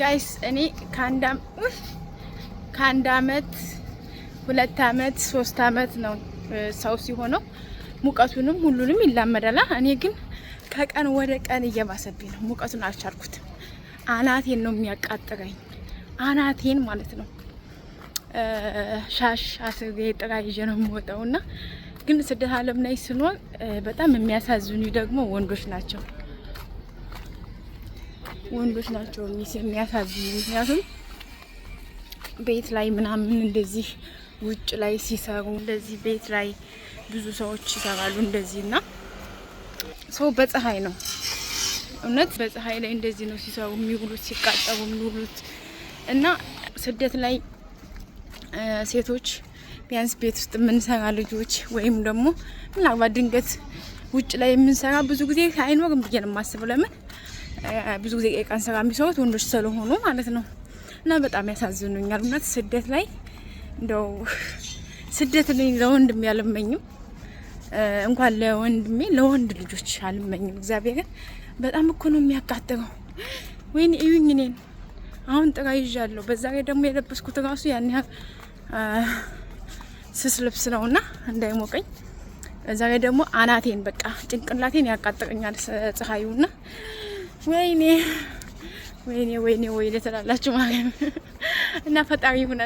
ጋይስ እኔ ከአንድ አመት ሁለት አመት ሶስት አመት ነው ሰው ሲሆነው ሙቀቱንም ሁሉንም ይላመዳላ። እኔ ግን ከቀን ወደ ቀን እየባሰብኝ ነው። ሙቀቱን አልቻልኩትም። አናቴን ነው የሚያቃጥረኝ፣ አናቴን ማለት ነው። ሻሽ አስሬ ጥራ ይዤ ነው የምወጣው እና ግን ስደት አለም ላይ ስንሆን በጣም የሚያሳዝኑ ደግሞ ወንዶች ናቸው። ወንዶች ናቸው የሚያሳዝኑ። ምክንያቱም ቤት ላይ ምናምን እንደዚህ ውጭ ላይ ሲሰሩ እንደዚህ ቤት ላይ ብዙ ሰዎች ይሰራሉ እንደዚህ እና ሰው በፀሐይ ነው እውነት በፀሐይ ላይ እንደዚህ ነው ሲሰሩ የሚውሉት ሲቃጠሩ የሚውሉት እና ስደት ላይ ሴቶች ቢያንስ ቤት ውስጥ የምንሰራ ልጆች ወይም ደግሞ ምናልባት ድንገት ውጭ ላይ የምንሰራ ብዙ ጊዜ አይኖርም ብዬ ነው የማስበው። ለምን ብዙ ጊዜ የቀን ስራ የሚሰሩት ወንዶች ስለሆኑ ማለት ነው። እና በጣም ያሳዝኑኛል እውነት ስደት ላይ እንደው ስደት ለወንድሜ አልመኝም፣ እንኳን ለወንድሜ ለወንድ ልጆች አልመኝም። እግዚአብሔርን በጣም እኮ ነው የሚያቃጥረው። ወይኔ እዩኝ እኔን አሁን ጥራ ይዣለሁ። በዛ ላይ ደግሞ የለበስኩት ራሱ ያን ያህል ስስ ልብስ ነውና እንዳይሞቀኝ እዛ ላይ ደግሞ አናቴን በቃ ጭንቅላቴን ያቃጥረኛል ፀሐዩና ወይኔ ወይኔ ወይኔ ወይኔ ትላላችሁ ማለት እና ፈጣሪ ሁነ